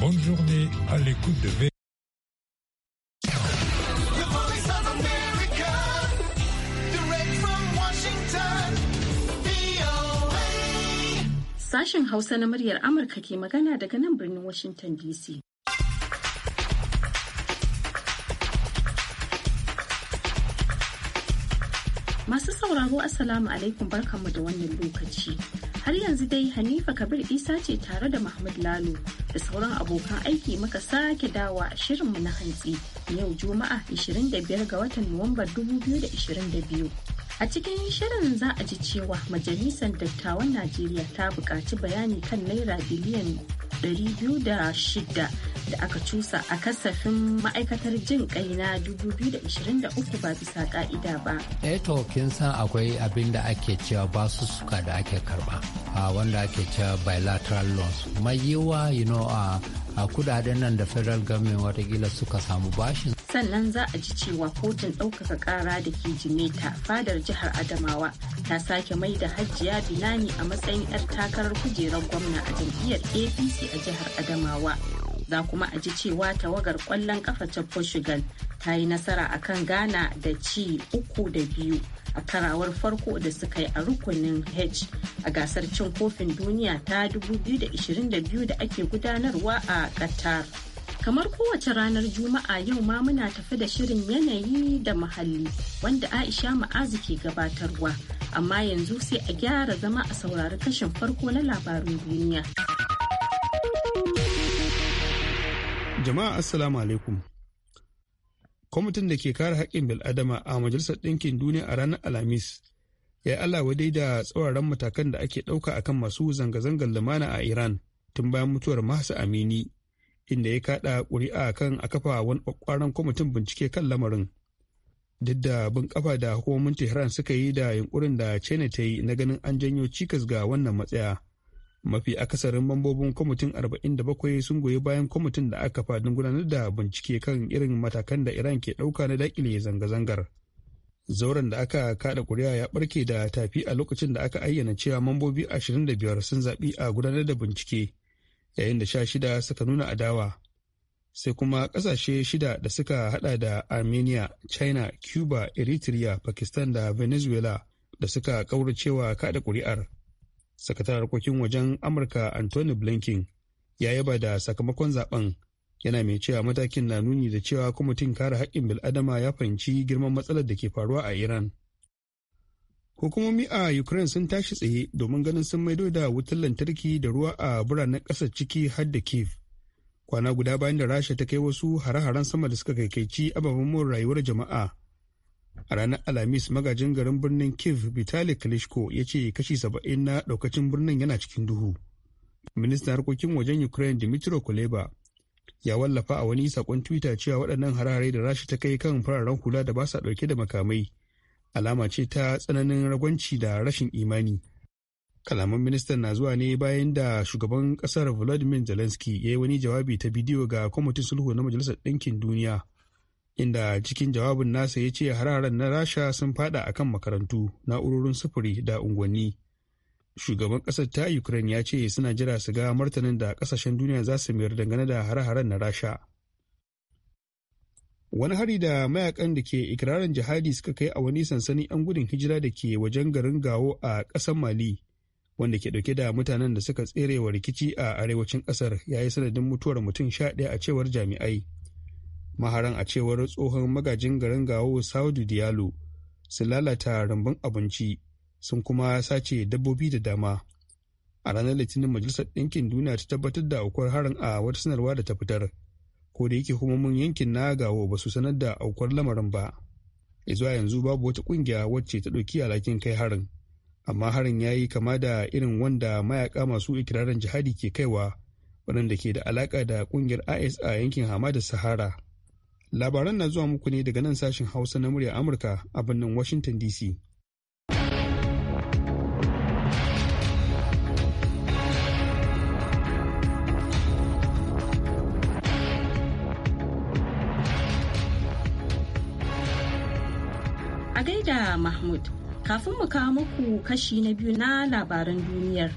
Bonne journée à l'écoute de V. Sashen Hausa na muryar Amurka ke magana daga nan birnin Washington DC. Masu sauraro Assalamu alaikum barkanmu da wannan lokaci. Har yanzu dai Hanifa Kabir Isa ce tare da Mahmud Lalo da sauran abokan aiki muka sake dawa a mu na hantsi yau Juma'a 25 ga watan Nuwambar 2022. A cikin shirin za a ji cewa Majalisar Dattawan Najeriya ta buƙaci bayani kan Naira biliyan biyu da aka cusa a kasafin ma'aikatar jin kai na 2023 ba bisa ka'ida ba. eto eh kin san akwai abin da ake cewa suka da ake karba wanda ake cewa bilateral loans mai yiwa you know, a kudaden nan da federal government watakila suka samu bashin sannan za a ji cewa kotun ɗaukaka ƙara da ke jimeta fadar jihar adamawa ta sake mai da hajjiya binani a matsayin 'yar takarar kujerar gwamna a jam'iyyar apc aiki a jihar Adamawa. Za kuma a ji cewa tawagar kwallon ƙafa ta Portugal ta yi nasara a kan Ghana da ci uku da biyu a karawar farko da suka yi a rukunin H a gasar cin kofin duniya ta 2022 da ake gudanarwa a Qatar. Kamar kowace ranar Juma'a yau ma muna tafi da shirin yanayi da muhalli wanda Aisha Ma'azu ke gabatarwa. Amma yanzu sai a gyara zama a saurari kashin farko na labarin duniya. Jama'a Assalamu alaikum. Kwamitin da ke kare haƙƙin bil'adama a Majalisar Ɗinkin Duniya a ranar Alhamis ya yi Allah wadai da tsauraran matakan da ake ɗauka akan masu zanga-zangar lumana a Iran tun bayan mutuwar Mahsa Amini inda ya kaɗa ƙuri'a kan a kafa wani ƙwaƙwaran kwamitin bincike kan lamarin. Duk da bin kafa da hukumomin Tehran suka yi da yunkurin da China ta yi na ganin an janyo cikas ga wannan matsaya. mafi akasarin mambobin kwamitin 47 sun goyi bayan kwamitin da aka fadin gudanar da bincike kan irin matakan da iran ke ɗauka na dakile zanga-zangar zauren da aka kada kuri'a ya barke da tafi a lokacin da aka ayyana cewa mambobi 25 sun zaɓi a gudanar da bincike yayin da sha shida suka nuna adawa sai kuma ƙasashe shida da suka hada da armenia china cuba eritrea pakistan da venezuela da suka cewa kada kuri'ar sakataren harkokin wajen amurka anthony blinken ya yaba da sakamakon zaben yana mai cewa matakin na nuni da cewa kwamitin kare haƙƙin bil'adama ya fahimci girman matsalar da ke faruwa a iran hukumomi a ukraine sun tashi tsaye domin ganin sun maido da wutar lantarki da ruwa a biranen ƙasar ciki har da kiev kwana guda bayan da rasha ta kai wasu hare-haren sama da suka kaikaici ababen rayuwar jama'a a ranar alhamis magajin garin birnin kiev vitali klitschko ya ce kashi saba'in na daukacin birnin yana cikin duhu ministan harkokin wajen ukraine dimitro kuleba ya wallafa a wani sakon twitter cewa waɗannan harare da rashi ta kai kan fararen hula da ba sa ɗauke da makamai alama ce ta tsananin ragwanci da rashin imani kalaman ministan na zuwa ne bayan da shugaban ƙasar volodymyr zelensky ya yi wani jawabi ta bidiyo ga kwamitin sulhu na majalisar ɗinkin duniya inda cikin jawabin nasa ya ce hararen na rasha sun fada kan makarantu na'urorin sufuri da unguwanni shugaban ƙasar ta ukraine ya ce suna jira su ga martanin da ƙasashen duniya za su mayar dangane da hare-haren na rasha wani hari da mayakan da ke ikirarin jihadi suka kai a wani sansanin 'yan gudun hijira da ke wajen garin gawo a ƙasar mali wanda ke dauke da mutanen da suka tserewa rikici a arewacin ƙasar ya yi sanadin mutuwar mutum sha a cewar jami'ai maharan a cewar tsohon magajin garin gawo saudu diallo sun lalata rambun abinci sun kuma sace dabbobi da dama a ranar litinin majalisar ɗinkin duniya ta tabbatar da aukuwar harin a wata sanarwa da ta fitar ko da yake hukumomin yankin na gawo ba su sanar da aukuwar lamarin ba zuwa yanzu babu wata ƙungiya wacce ta ɗauki alhakin kai harin amma harin ya yi kama da irin wanda mayaka masu ikirarin jihadi ke kaiwa waɗanda ke da alaƙa da ƙungiyar is a yankin hamadar sahara labaran na zuwa muku ne daga nan sashen hausa na murya amurka a birnin washington dc a gaida mahmud kafin mu kawo muku kashi na biyu na labaran duniyar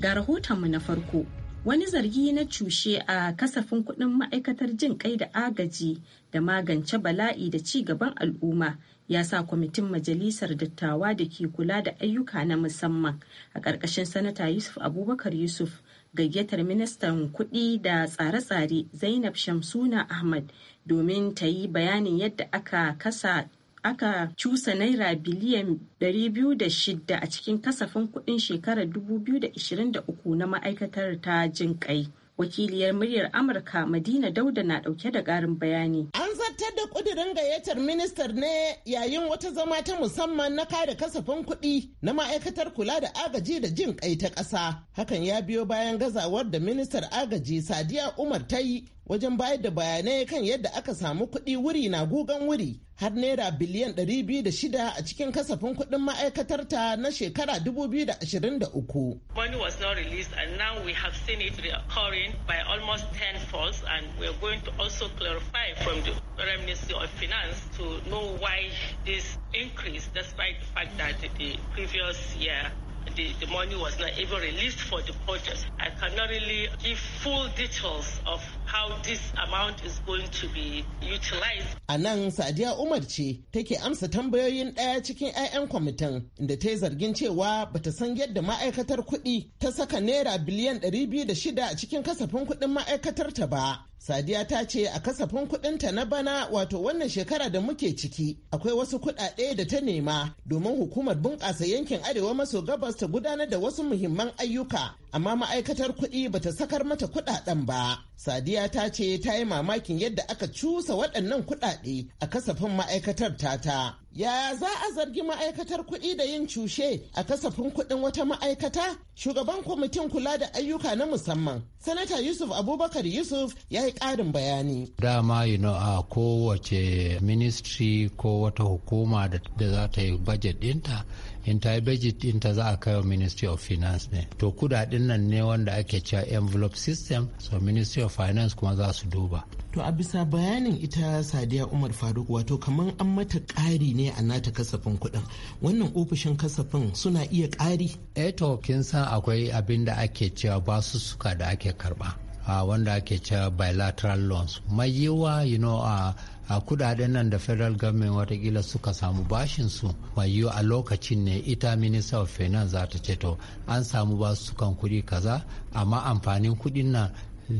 ga rahotonmu na farko wani zargi na cushe a kasafin kuɗin ma'aikatar jin kai da agaji da magance bala'i da ci gaban al'umma ya sa kwamitin majalisar dattawa da ke kula da ayyuka na musamman a ƙarƙashin sanata yusuf abubakar yusuf gayyatar ministan kuɗi da tsare-tsare zainab shamsuna ahmad domin ta yi bayanin yadda aka kasa aka cusa naira biliyan 206 a cikin kasafin kuɗin shekarar 2023 na ma'aikatar ta jin kai. wakiliyar muryar amurka madina dauda na dauke da karin bayani an zartar da kudirin gayyatar ministar ne yayin wata zama ta musamman na kare kasafin kuɗi na ma'aikatar kula da agaji da jin kai ta ƙasa hakan ya biyo bayan gazawar da ministar agaji sadiya umar ta yi wajen bayar da bayanai kan yadda aka samu kuɗi wuri na gugan wuri har naira biliyan biyu da shida a cikin kasafin kuɗin ma'aikatar ta na shekara dubu biyu da da ashirin uku. Money was not released and now we have seen it recurring by almost ten folds and we are going to also clarify from the Ministry of Finance to know why this increase despite the fact that the previous year the, the money was not even released for the project. I cannot really give full details of how this amount is going to be utilized. A nan Sadiya Umar ce take amsa tambayoyin ɗaya cikin 'ya'yan kwamitin inda ta yi zargin cewa bata san yadda ma'aikatar kuɗi ta saka naira biliyan 206 a cikin kasafin kuɗin ma'aikatar ta ba. Sadiya ta ce a kasafin kuɗinta na bana wato wannan shekara da muke ciki akwai wasu kuɗaɗe da ta nema domin hukumar bunƙasa yankin arewa maso gabas ta gudanar da wasu muhimman ayyuka amma ma'aikatar kuɗi bata sakar mata kuɗaɗen ba. Sadiya ta ce ta yi mamakin yadda aka cusa waɗannan kuɗaɗe a kasafin ma'aikatar tata. ya za a zargi ma'aikatar kuɗi da yin cushe a kasafin kuɗin wata ma'aikata? Shugaban kwamitin kula da ayyuka na musamman, Sanata Yusuf Abubakar Yusuf ya yi ƙarin bayani. Dama yi a kowace ministry ko wata hukuma da za ta yi budget ɗinta in ta yi budget ɗinta za a kai wa ministry of finance ne to kudaden nan ne wanda ake cewa envelope system so ministry of finance kuma za su duba to a bisa bayanin ita sadiya umar faruk wato kamar an mata ƙari ne a nata kasafin kuɗin wannan ofishin kasafin suna iya ƙari eh to kin san akwai abin da ake cewa basussuka da ake karba uh, wanda ake cewa bilateral loans mai yiwa you know, uh, a kudaden nan da federal government watakila suka samu bashin su mai yiwa a lokacin ne ita minister of finance za ta ceto an samu ba su kan kudi kaza amma amfanin kudin nan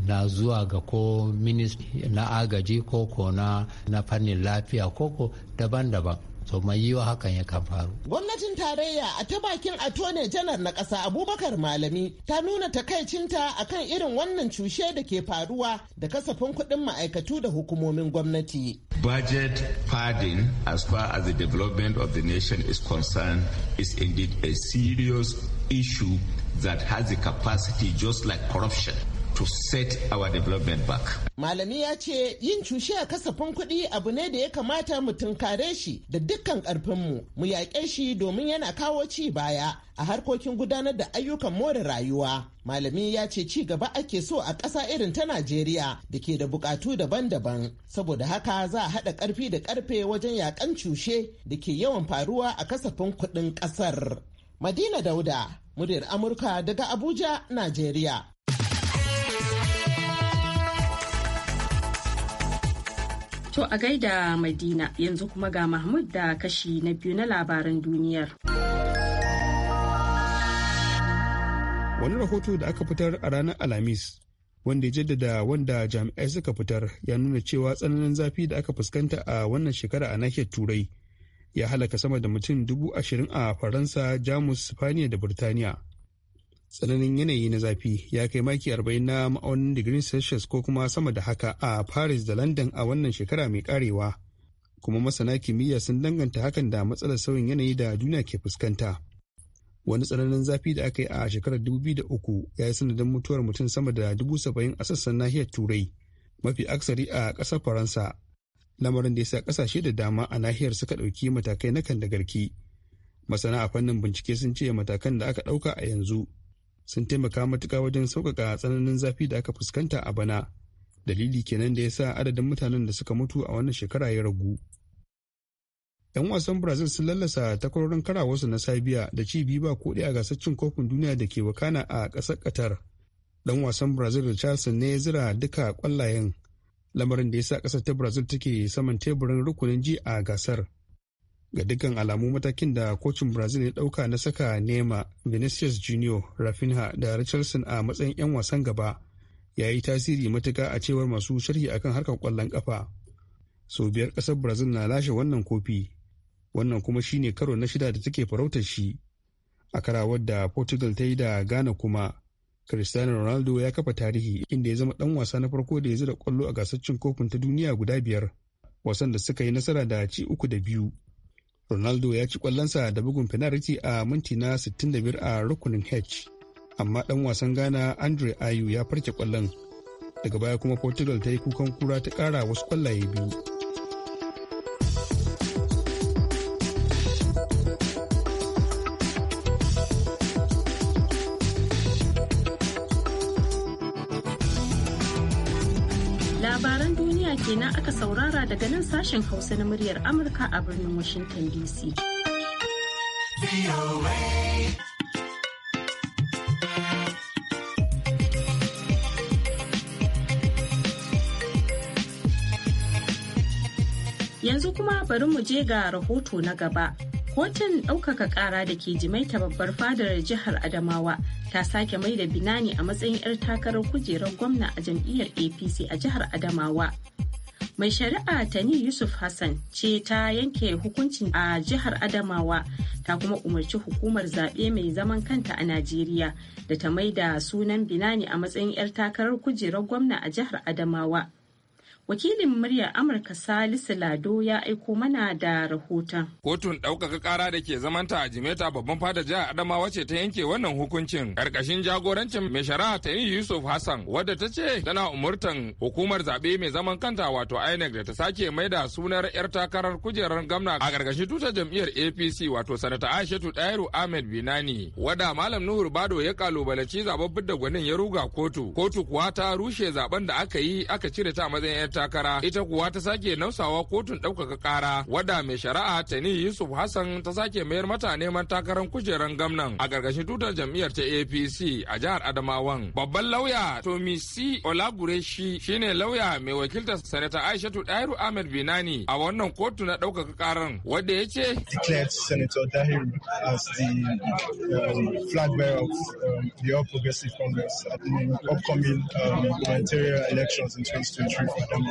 na zuwa ga ko na agaji ko ko na fannin lafiya ko daban-daban so mai yiwa hakan ya kan faru. Gwamnatin tarayya a ta bakin atone janar na ƙasa Abubakar Malami ta nuna takaicinta a kan irin wannan cushe da ke faruwa da kasafin kuɗin ma'aikatu da hukumomin gwamnati. Budget padding as far as the development of the nation is concerned is indeed a serious issue that has the capacity just like corruption to set our development back. Malami ya ce yin cushe a kasafin kuɗi abu ne da ya kamata mu tunkare shi da dukkan ƙarfinmu mu yaƙe shi domin yana kawo ci baya a harkokin gudanar da ayyukan more rayuwa. Malami ya ce ci gaba ake so a ƙasa irin ta Najeriya da ke da buƙatu daban-daban. Saboda haka za a haɗa ƙarfi da ƙarfe wajen yaƙan cushe da ke yawan faruwa a kasafin kuɗin ƙasar. Madina Dauda, muryar Amurka daga Abuja, Najeriya. To a gaida Madina yanzu kuma ga Mahmud da kashi na biyu na labaran duniyar. Wani rahoto da aka fitar a ranar Alhamis wanda ya jaddada wanda jami'ai suka fitar ya nuna cewa tsananin zafi da aka fuskanta a wannan shekara a nahiyar Turai ya halaka sama da mutum dubu ashirin a Faransa, Jamus, Spaniya da Birtaniya. tsananin yanayi na zafi ya kai maki 40 na ma'aunin digirin celsius ko kuma sama da haka a paris da london a wannan shekara mai karewa kuma masana kimiyya sun danganta hakan da matsalar sauyin yanayi da duniya ke fuskanta wani tsananin zafi da aka yi a shekarar 2003 ya yi sanadin mutuwar mutum sama da 70,000 a sassan nahiyar turai mafi aksari a ƙasar faransa lamarin da ya sa ƙasashe da dama a nahiyar suka ɗauki matakai na kan da garki masana a fannin bincike sun ce matakan da aka ɗauka a yanzu sun taimaka matuka wajen sauƙaƙa tsananin zafi da aka fuskanta a bana dalili kenan da ya sa adadin mutanen da suka mutu a wannan shekara ya ragu 'yan wasan brazil sun lallasa takwarorin karawarsu na sabiya da ci biyu ba kuɗi a gasar cin kofin duniya da ke wakana a ƙasar qatar dan wasan brazil da ne ya zira duka kwallayen lamarin da ya sa ƙasar ta brazil take saman teburin rukunin ji a gasar ga dukkan alamu matakin da kocin brazil ya dauka na saka nema vinicius junior rafinha da richardson a matsayin 'yan wasan gaba ya yi tasiri matuka a cewar masu sharhi akan harkar kwallon kafa sau biyar kasar brazil na lashe wannan kofi wannan kuma shine karo na shida da take farautar shi a karawar da portugal ta yi da ghana kuma cristiano ronaldo ya kafa tarihi inda ya zama dan wasa na farko da ya zira kwallo a gasar cin kofin ta duniya guda biyar wasan da suka yi nasara da ci uku da biyu ronaldo ya ci kwallonsa da bugun fenariti a minti na 65 a rukunin h amma dan wasan ghana andre ayu ya farke kwallon daga baya kuma portugal ta yi kukan kura ta kara wasu kwallaye biyu kenan aka saurara daga nan sashen Hausa na muryar Amurka a birnin Washington DC. Yanzu kuma bari mu je ga rahoto na gaba. Kotun ɗaukaka ƙara da ke jimaita babbar fadar jihar Adamawa ta sake mai da Binani a matsayin 'yar takarar kujerar gwamna a jam'iyyar APC a jihar Adamawa. mai shari'a tani yusuf hassan ce ta yanke hukuncin a jihar adamawa ta kuma umarci hukumar zaɓe mai zaman kanta a najeriya da ta maida sunan binani a matsayin 'yar takarar kujerar gwamna a jihar adamawa wakilin Murya amurka salisu lado ya aiko mana da rahoton kotun ɗaukaka ƙara da ke zamanta a jimeta babban fada jihar adamawa ce ta yanke wannan hukuncin ƙarƙashin jagorancin mai shari'a ta yi yusuf hassan wadda ta ce tana umurtan hukumar zaɓe mai zaman kanta wato inec da ta sake maida sunar yar takarar kujerar gwamna a ƙarƙashin tuta jam'iyyar apc wato sanata aishatu ɗairu ahmed binani wadda malam nuhur bado ya kalubalaci zababbin da gwanin ya ruga kotu kotu kuwa ta rushe zaɓen da aka yi aka cire ta matsayin takara ita kuwa ta sake nausawa kotun ɗaukaka ƙara wadda mai shari'a tani yusuf hassan ta sake mayar mata neman takarar kujeran gamnan, a gargashin tutar jam'iyyar ta apc a jihar adamawan babban lauya tomi c olagureshi shine lauya mai wakiltar sanata aishatu dairu ahmed binani a wannan kotu na ɗaukaka ƙarar wadda ya ce um, um, the All Congress upcoming um, elections in 2023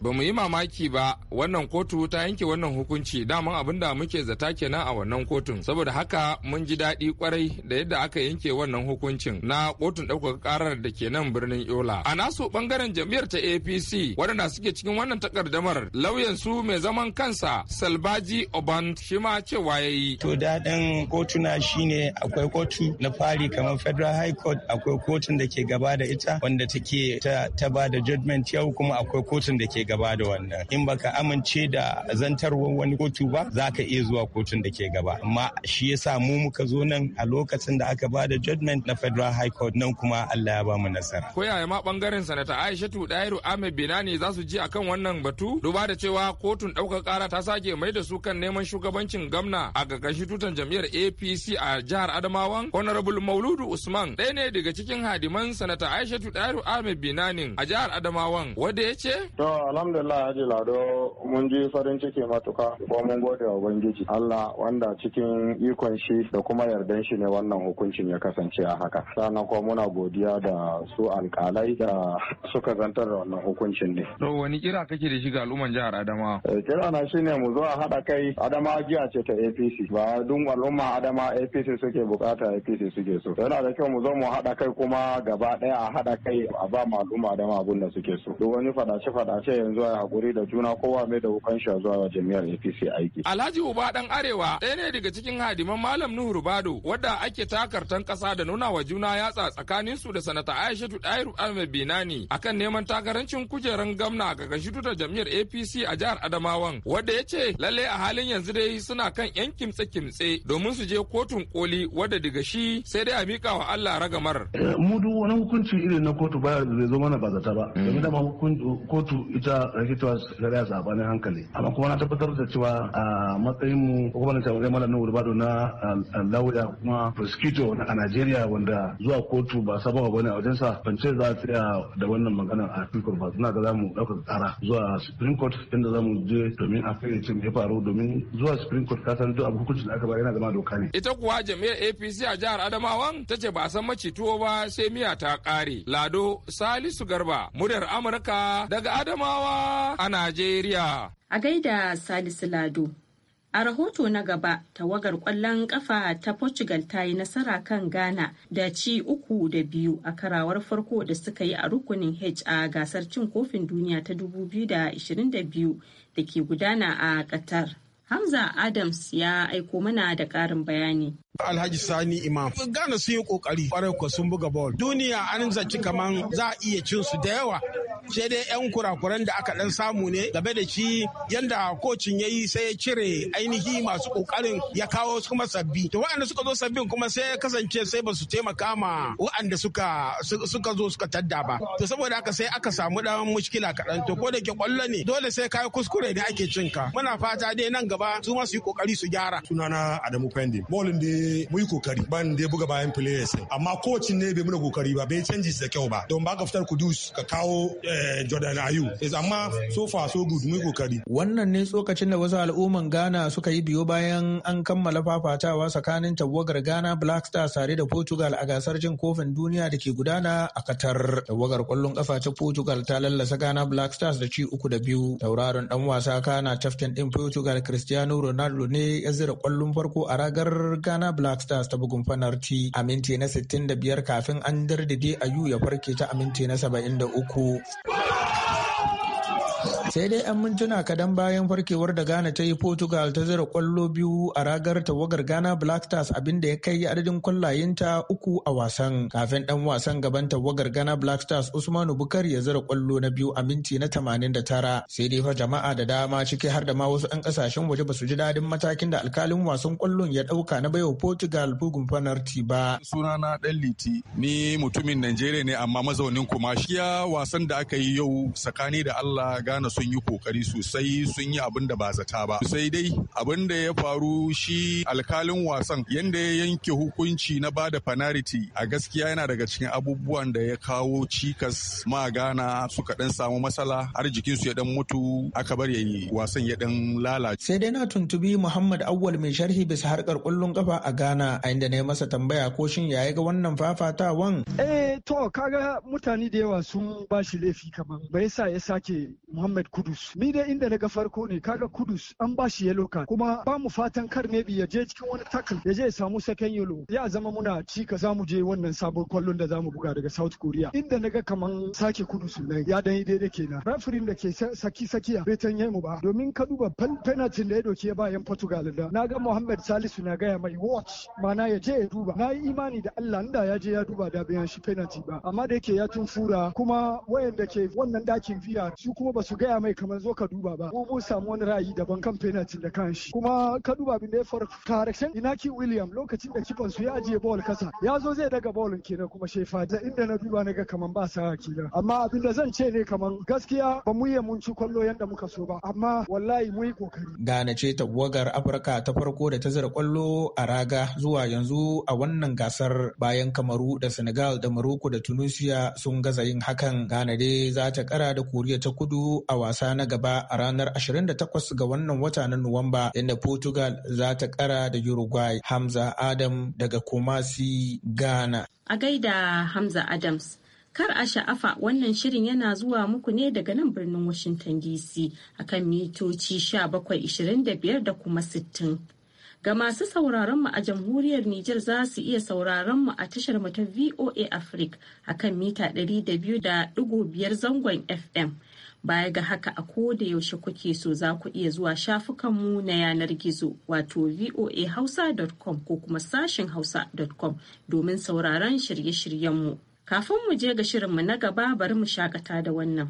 Ba mu yi mamaki ba wannan kotu ta yanke wannan hukunci daman abin da muke zata kenan a wannan kotun. Saboda haka mun ji daɗi kwarai da yadda aka yanke wannan hukuncin na kotun ɗaukaka ƙarar da ke nan birnin Yola. A nasu ɓangaren jam'iyyar ta APC waɗanda suke cikin wannan takardamar lauyan su mai zaman kansa Salbaji Oban shi ma cewa ya yi. To daɗin kotuna shine akwai kotu na fari kamar Federal High Court akwai kotun da ke gaba da ita wanda take ta ba da judgment yau kuma akwai kotu kotun da ke gaba da wannan in baka amince da zantarwar wani kotu ba za ka iya zuwa kotun da ke gaba amma shi yasa mu muka zo nan a lokacin da aka ba da judgment na federal high court nan kuma Allah ya ba mu nasara ko yaya ma bangaren sanata Aishatu Dairu Ahmed Binani za su ji akan wannan batu duba da cewa kotun daukar kara ta sake mai da su kan neman shugabancin gwamna a gagashi tutan jam'iyyar APC a jihar Adamawan Honorable Mauludu Usman ɗaya ne daga cikin hadiman sanata Aishatu Dairu Ahmed binani a jihar Adamawan wanda ya ce To alhamdulillah Haji Lado mun ji farin ciki matuka ko mun gode wa Ubangiji Allah wanda cikin ikon shi da kuma yardan shi ne wannan hukuncin ya kasance a haka. Sannan kuma muna godiya da su alkalai da suka zantar da wannan hukuncin ne. To wani kira kake da shi ga al'umman jihar Adamawa? Eh, kira na shine mu zo a haɗa kai Adamawa jiya ce ta APC ba dun al'umma Adama APC suke bukata APC suke so. Yana da kyau mu zo mu haɗa kai kuma gaba ɗaya a haɗa kai a ba ma al'umma Adamawa abin da suke so. Duk wani faɗace ce yanzu a hakuri da juna kowa mai da wukan shi zuwa jami'ar APC aiki. Alhaji Uba dan Arewa ɗaya ne daga cikin hadiman Malam Nuhu Rubado wadda ake takartan ƙasa da nuna wa juna yatsa tsakanin su da sanata Aishatu Dairu Ahmed Binani akan neman takarancin kujerar gwamna ga gashitu da jami'ar APC a jihar Adamawan wadda ya ce lalle a halin yanzu dai suna kan yan kimtse-kimtse domin su je kotun koli wadda daga shi sai dai a mika wa Allah ragamar. Eh, mu duk wani hukunci irin na kotu ba zai zo mana ba zata ba. Mm. kotu ita da ke cewa a sabanin hankali amma kuma na tabbatar da cewa a matsayin mu ko kuma na tabbatar malam nuhu rubado na lauya kuma prosecutor a Nigeria wanda zuwa kotu ba sabon ba ne a wajen sa ban ce za a tsaya da wannan magana a cikin Court ba suna ga zamu dauka tsara zuwa Supreme Court inda zamu je domin a kai cin ya faru domin zuwa Supreme Court ka san duk abu hukuncin da aka bayar yana zama doka ne ita kuwa jami'ar APC a jihar Adamawan ta ce ba a san tuwo ba sai miya ta kare Lado Salisu Garba muryar Amurka daga Adamawa a Najeriya. A gaida Salisu Lado. A rahoto na gaba, tawagar ƙwallon ƙafa ta Portugal ta yi nasara kan Ghana da ci uku da biyu a karawar farko da suka yi a rukunin H a gasar cin kofin duniya ta 2022 da ke gudana a Qatar. Hamza Adams ya aiko mana da ƙarin bayani. Alhaji Sani Imam. Ghana sun yi kokari kwarai ko sun buga bol. Duniya an zaci kaman za a iya cin su da yawa. Sai dai yan kurakuran da aka dan samu ne game da shi yanda kocin ya yi sai ya cire ainihi masu kokarin ya kawo kuma sabbi. To waɗanda suka zo sabbin kuma sai ya kasance sai ba su taimaka ma waɗanda suka suka zo suka tadda ba. To saboda haka sai aka samu dan mushkila kaɗan to ko da ke kwallo ne dole sai kayi kuskure ne ake cin cinka. Muna fata dai nan gaba su ma su yi kokari su gyara. Sunana Adamu Pendi. Bolin dai dai mu yi kokari ban dai buga bayan players amma coach ne bai muna kokari ba bai canji da kyau ba don ba ka fitar kudus ka kawo eh, Jordan Ayu amma so far so good mu yi kokari wannan ne tsokacin da wasu al'umman Ghana suka yi biyo bayan an kammala fafatawa tsakanin tawagar Ghana Black Stars tare da Portugal a gasar jin kofin duniya da ke gudana a Qatar tawagar kwallon kafa ta Portugal ta lallasa Ghana Black Stars da ci uku da biyu tauraron dan wasa Kana captain din Portugal Cristiano Ronaldo ne ya zira kwallon farko a ragar Ghana Black Stars ta bugun fanarti a minti na 65 kafin an dardade Ayu ya farke ta a minti na 73. sai dai 'yan mintuna kadan bayan farkewar da ghana ta yi portugal ta zira kwallo biyu a ragar tawagar ghana black stars abinda ya kai adadin kwallayenta uku a wasan kafin dan wasan gaban tawagar ghana black stars usmanu bukar ya zira kwallo na biyu a minti na tamanin da tara. sai dai fa jama'a da dama ciki har da ma wasu 'yan kasashen waje ba su ji dadin matakin da alkalin wasan kwallon ya dauka na baiwa portugal bugun fanarti ba sunana dan liti ni mutumin najeriya ne amma mazaunin kuma shiya wasan da aka yi yau tsakani da allah ghana sun yi kokari sosai sun yi abin da ba zata ba sai dai abin da ya faru shi alkalin wasan yanda ya yanke hukunci na ba da fanariti a gaskiya yana daga cikin abubuwan da ya kawo cikas ma gana suka dan samu matsala har jikinsu ya dan mutu aka bar yayi wasan ya dan lalace sai dai na tuntubi muhammad awwal mai sharhi bisa harkar kullun kafa a gana a inda na yi masa tambaya ko shin ya ga wannan fafatawan eh to kaga mutane da yawa sun ba shi laifi kamar bai sa ya sake muhammad Kudus. Ni dai inda na ga farko ne kaga Kudus an ba shi yellow card kuma ba mu fatan kar ne bi ya je cikin wani tackle ya je ya samu second yellow ya zama muna ci ka mu je wannan sabon kwallon da zamu buga daga South Korea. Inda na ga kaman sake Kudus ne ya dan daidai kenan. Referee da ke saki sakiya bai tanye mu ba domin ka duba penalty da ya doke ba yan Portugal da. Na ga Muhammad Salisu na gaya mai watch mana ya je ya duba. Na yi imani da Allah inda ya je ya duba da bayan shi penalty ba amma da yake ya tun fura kuma wayanda ke wannan dakin fiya su kuma ba su gaya mai kamar zo ka duba ba mu mun samu wani ra'ayi daban kan penalty da kan shi kuma ka duba abin da ya faru direction inaki william lokacin da kifan su ya ajiye ball kasa ya zo zai daga ballin kenan kuma shefa da inda na duba na ga kamar ba sa kenan amma abin da zan ce ne kamar gaskiya ba mu yi mun ci kwallo yanda muka so ba amma wallahi mu yi kokari na ce tawagar afirka ta farko da ta zira kwallo a raga zuwa yanzu a wannan gasar bayan kamaru da senegal da maroko da tunisia sun gaza yin hakan gane dai za ta kara da koriya ta kudu a wasa na gaba a ranar 28 ga wannan wata na Nuwamba inda Portugal za ta kara da Uruguay Hamza Adam daga Kumasi Ghana. A gaida Hamza Adams. Kar a sha'afa wannan shirin yana zuwa muku ne daga nan birnin Washington DC a kan mitoci 1725 da kuma 60. Ga masu sauraron mu a jamhuriyar Nijar za su iya sauraron mu a tashar mu ta VOA Africa akan mita 200.5 zangon FM. Baya ga haka a koda yaushe kuke so za ku iya zuwa shafukanmu na yanar gizo wato voahausa.com ko kuma sashen hausa.com domin sauraron shirye-shiryenmu. Kafin mu je ga shirinmu na gaba bari mu shakata da wannan.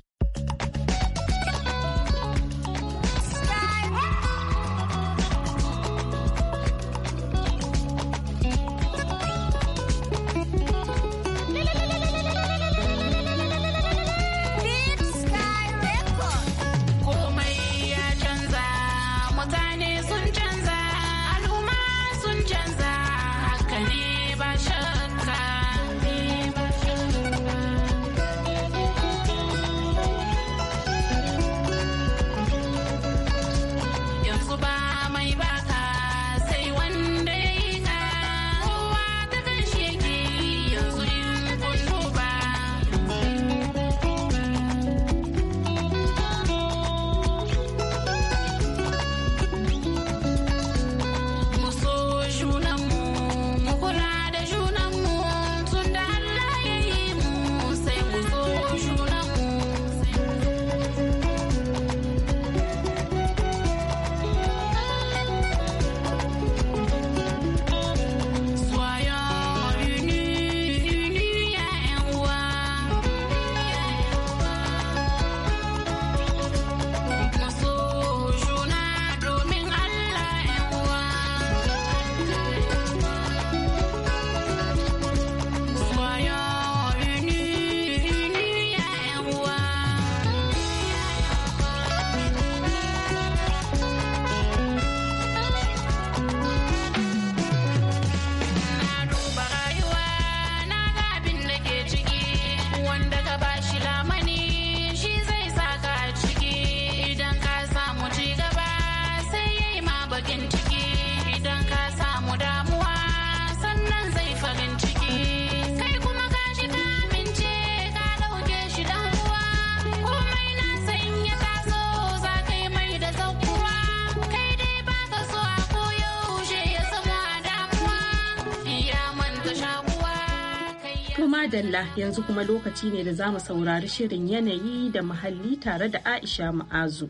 madalla yanzu kuma lokaci ne da za mu saurari shirin yanayi da muhalli tare da Aisha Ma'azu.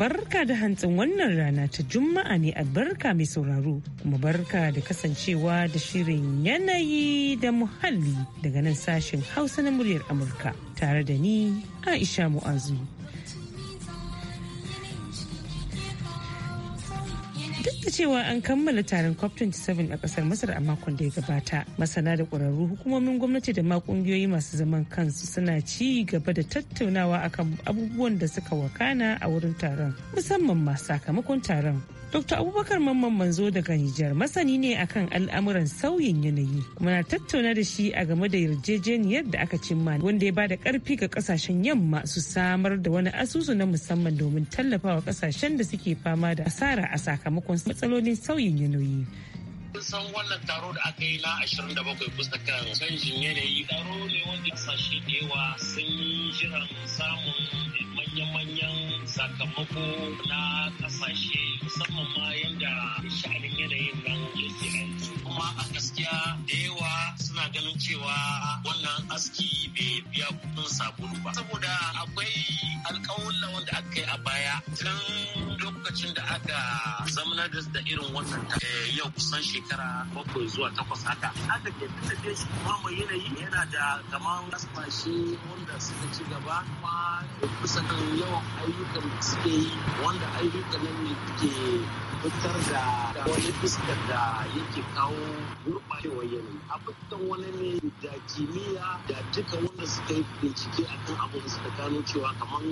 barka da hantsin wannan rana ta juma'a ne albarka mai sauraro kuma barka da kasancewa da shirin yanayi da muhalli daga nan sashen hausa na muryar amurka tare da ni aisha mu'azu da cewa an kammala taron cop 27 a kasar masar a makon da ya gabata masana da ƙwararru hukumomin gwamnati da ma masu zaman kansu suna ci gaba da tattaunawa akan abubuwan da suka wakana a wurin taron musamman ma sakamakon taron Dr. Abubakar Mamman Manzo daga Nijar masani ne akan al'amuran sauyin yanayi Muna tattauna da shi a game da yarjejeniyar da aka cimma wanda ya bada karfi ga kasashen yamma su samar da wani asusu na musamman domin tallafawa kasashen da suke fama da asara a sakamakon matsalolin sauyin yanayi. kun san wannan taro da aka yi na 27 kusa kan canjin yanayi taro ne wanda kasashe da yawa sun yi jiran samun manya-manyan sakamako na kasashe musamman ma yadda sha'anin yanayin nan yake kuma a gaskiya da yawa suna ganin cewa wannan aski bai biya kudin sabulu ba saboda akwai alƙawulla wanda aka yi a baya tun lokacin da aka zamana da irin wannan ta eh, yau kusan shekara bakwai zuwa takwas haka aka ke da shi kuma yanayi yana da kamar kasashe wanda suka ci gaba kuma kusa kan yawan ayyukan da suke yi wanda ayyukan nan ne ke fitar da wani fuskar da yake kawo gurɓacewar yanayi a wani ne da kimiyya da duka wanda suka yi bincike a kan abin suka gano cewa kamar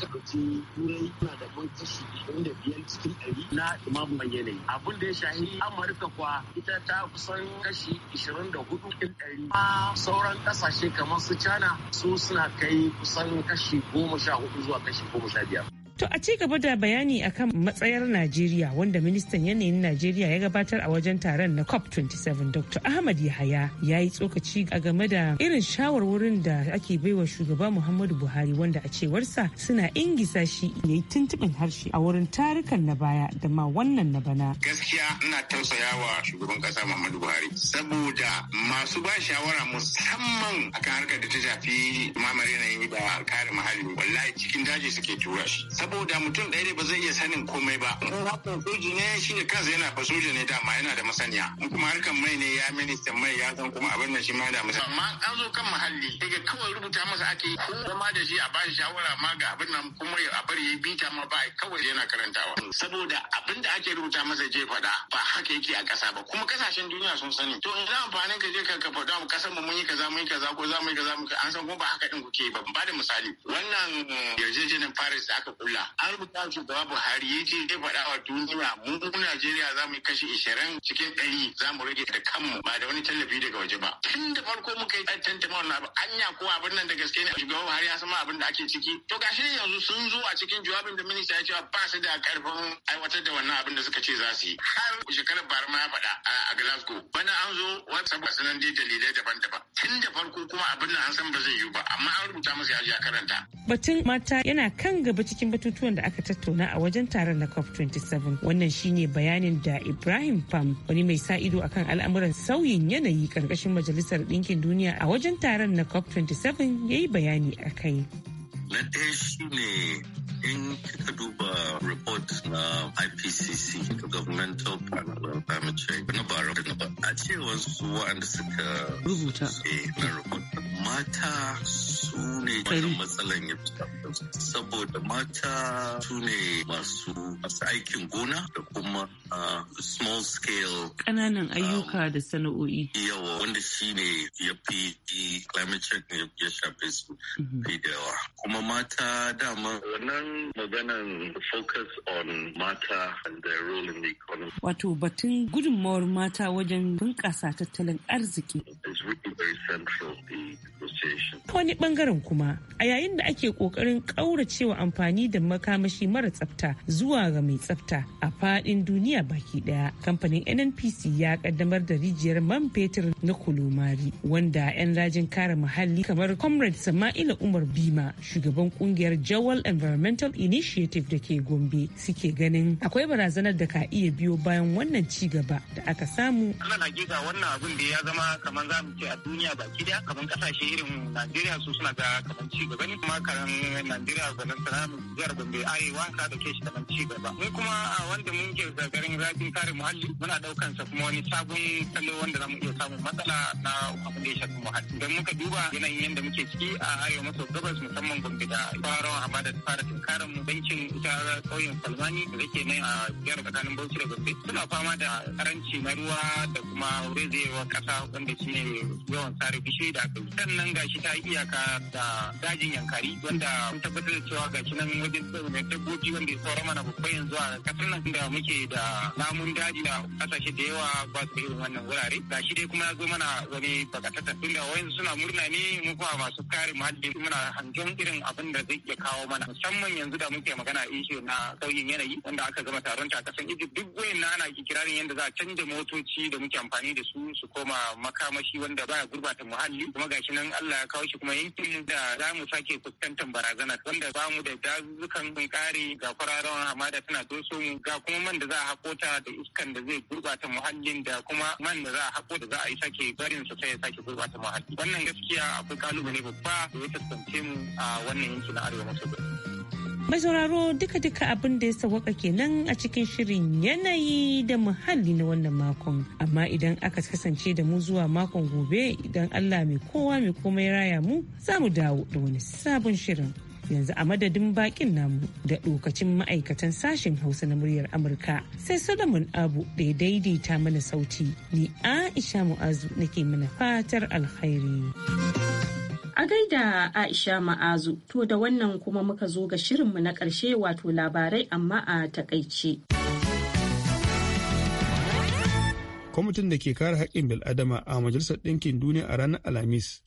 ka ɗauki turai na da man kashi ashirin biyar cikin ɗari na man yanayi abin da ya shahi amurka kuwa ita ta kusan kashi ashirin da hudu cikin ɗari a sauran ƙasashe kamar su china su suna kai kusan kashi goma sha hudu zuwa kashi goma sha biyar. To a ci gaba da bayani akan matsayar Najeriya wanda ministan yanayin Najeriya ya gabatar a wajen taron na COP27 Dr. Ahmad Yahaya ya yi tsokaci a game da irin shawarwarin da ake baiwa shugaba Muhammadu Buhari wanda a cewarsa suna ingisa shi ya yi tuntuɓin harshe a wurin tarukan na baya da ma wannan na bana. Gaskiya ina tausayawa shugaban ƙasa Muhammadu Buhari saboda masu ba shawara musamman akan harkar da ta shafi mamari yanayi da kare muhalli wallahi daji suke tura shi saboda mutum ɗaya ne ba zai iya sanin komai ba ko hakan soji ne shi ne kansa yana fa soja ne dama yana da masaniya in kuma harkan mai ne ya minista mai ya san kuma abin da shi ma da masaniya amma an zo kan muhalli daga kawai rubuta masa ake ko zama da shi a ba shi shawara ma ga abin nan kuma a bari ya bita ma ba kawai yana karantawa saboda abin da ake rubuta masa je faɗa ba haka yake a ƙasa ba kuma kasashen duniya sun sani to in za amfanin ka je ka ka faɗa mu ƙasar mu mun yi kaza mun yi kaza ko za mu yi kaza an san ko ba haka din kuke ba ba da misali wannan yarjejeniya eh, yarjejeniyar Paris da aka kula. An rubuta shugaba Buhari ya je ya faɗa wa duniya mu Najeriya za mu yi kashi ishirin cikin ɗari za mu rage da kanmu ba da wani tallafi daga waje ba. Tun da farko muka yi tantama wannan abu anya ko abin nan da gaske ne shugaban Buhari ya san abin da ake ciki. To gashi yanzu sun zo a cikin jawabin da minista ya ce ba su da karfin aiwatar da wannan abin da suka ce za su yi. Har shekarar bara ma ya faɗa a Glasgow. Bana an zo wata ba nan dai dalilai daban-daban. Tun da farko kuma abin nan an san ba zai yiwu ba amma an rubuta masa ya karanta. Batun mata yana yana kan gaba cikin batutuwan da aka tattauna a wajen taron na cop 27 wannan shine bayanin da ibrahim pam wani mai sa ido akan al'amuran sauyin yanayi karkashin majalisar ɗinkin duniya a wajen taron na cop 27 ya yi bayani a kai Na ɗaya shi ne in kika duba report na IPCC, Governmental Panel on Climate Change, na bara da na ba. A ce wasu wa'anda suka rubuta na report. Mata su ne wannan matsalan ya fi saboda mata su ne masu aikin gona da kuma ah, small scale ƙananan ah, ayyuka da sana'o'i. Yawa wanda shi ne ya fi climate change ya shafe su mm-hmm. fi da yawa. Kuma ma mata dama. Wannan maganan focus on mata and their role in the economy. Wato batun gudunmawar mata wajen bunƙasa tattalin arziki. It's really very central. The a Ta wani bangaren kuma a yayin da ake kokarin kauracewa amfani da makamashi mara tsafta zuwa ga mai tsafta a fadin duniya baki daya kamfanin NNPC ya kaddamar da rijiyar man fetur na Kulomari wanda 'yan rajin kare muhalli kamar Comrade Sama'ila Umar Bima shugaban kungiyar Jawal Environmental Initiative da ke Gombe suke ganin akwai barazanar da ka iya biyo bayan wannan ci gaba da aka samu. wannan abin da ya zama kamar za mu ce a duniya baki daya kamar kasashe irin Najeriya su suna da kaman ci gaba ne kuma karan Najeriya balantana jihar Gombe Arewa da ke shi kaman ci gaba. Mu kuma a wanda mun ke zagarin rajin kare muhalli muna daukan sa kuma wani sabon kallo wanda zamu iya samun matsala na abin da ya shafi muhalli. Idan muka duba yanayin yadda muke ciki a Arewa maso gabas musamman Gombe da farawa hamada ta fara tunkarar mu bankin ita ƙauyen Salmani da yake nan a jihar tsakanin Bauchi da Gombe suna fama da karanci na ruwa da kuma rezewa kasa. wanda shine yawan sare bishiyoyi da aka yi. Sannan gashi ta iyaka da dajin yankari wanda mun tabbatar da cewa gashi nan wajen da dabbobi wanda ya tsoro mana babba yanzu a kasar nan da muke da namun daji da kasashe da yawa ba su irin wannan wurare gashi dai kuma ya zo mana wani bakatata tunda wayansu suna murna ne mu kuma masu kare muhalli muna hangen irin abin da zai iya kawo mana musamman yanzu da muke magana ishe na sauyin yanayi wanda aka gama taron ta kasan Egypt duk wayannan ana kirarin yadda za a canja motoci da muke amfani da su su koma makamashi wanda baya gurbata muhalli kuma gashi nan Allah Allah ya kawo shi kuma yankin da za mu sake fuskantar barazana wanda ba mu da dazuzzukan mun kare ga kwararon hamada tana doso mu ga kuma man da za a haƙo ta da iskan da zai gurbata muhallin da kuma man da za a haƙo da za a yi sake barin su sai ya sake gurbata muhalli wannan gaskiya akwai kalubale babba da ya fuskance mu a wannan yanki na arewa maso gabas. Mai duka-duka abin da ya sawaka kenan a cikin shirin yanayi da muhalli na wannan makon. Amma idan aka kasance da mu zuwa makon gobe idan Allah mai kowa mai komai raya mu za mu dawo da wani sabon shirin. Yanzu a madadin bakin namu da lokacin ma'aikatan sashen Hausa na muryar Amurka sai Solomon Abu da ya daidaita mana sauti. Ni Aisha Mu'azu nake mana fatar alkhairi. A gaida Aisha Ma'azu, to da wannan kuma muka zo ga shirinmu na ƙarshe wato labarai amma a takaice. Kwamitin da ke kare haƙƙin bil'adama a Majalisar Ɗinkin Duniya a ranar Alhamis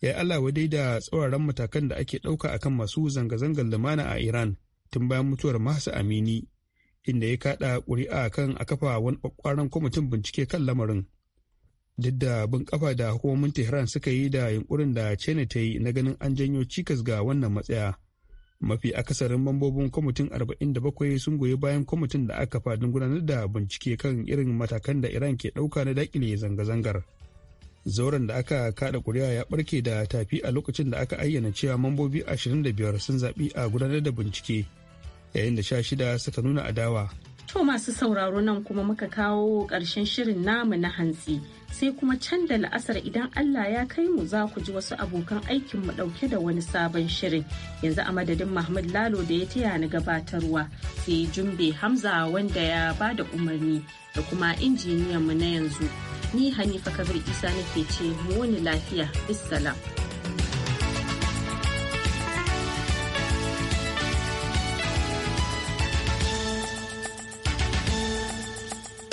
ya yi Allah wadai da tsauraran matakan da ake ɗauka a kan masu zanga-zangar lumana a Iran tun bayan mutuwar mahasa Amini, inda ya kaɗa ƙuri'a kan a kafa wani ƙwaƙwaran kwamitin bincike kan lamarin. duk da bin kafa da hukumomin tehran suka yi da yunkurin da china ta yi na ganin an janyo cikas ga wannan matsaya mafi akasarin mambobin kwamitin 47 sun goyi bayan kwamitin da aka fadin gudanar da bincike kan irin matakan da iran ke dauka na dakile zanga-zangar zauren da aka kada kuri'a ya barke da tafi a lokacin da aka ayyana cewa mambobi 25 sun zaɓi a gudanar da bincike yayin da sha shida suka nuna adawa To masu sauraro nan kuma muka kawo ƙarshen shirin namu na hantsi sai kuma can da la'asar idan Allah ya kai mu za ku ji wasu abokan aikin mu ɗauke da wani sabon shirin yanzu a madadin Mahmud Lalo da ya taya ni gabatarwa sai Jumbe Hamza wanda ya ba da umarni da kuma injiniyan mu na yanzu ni Hanifa Kabir Isa nake ce mu wani lafiya bisalam.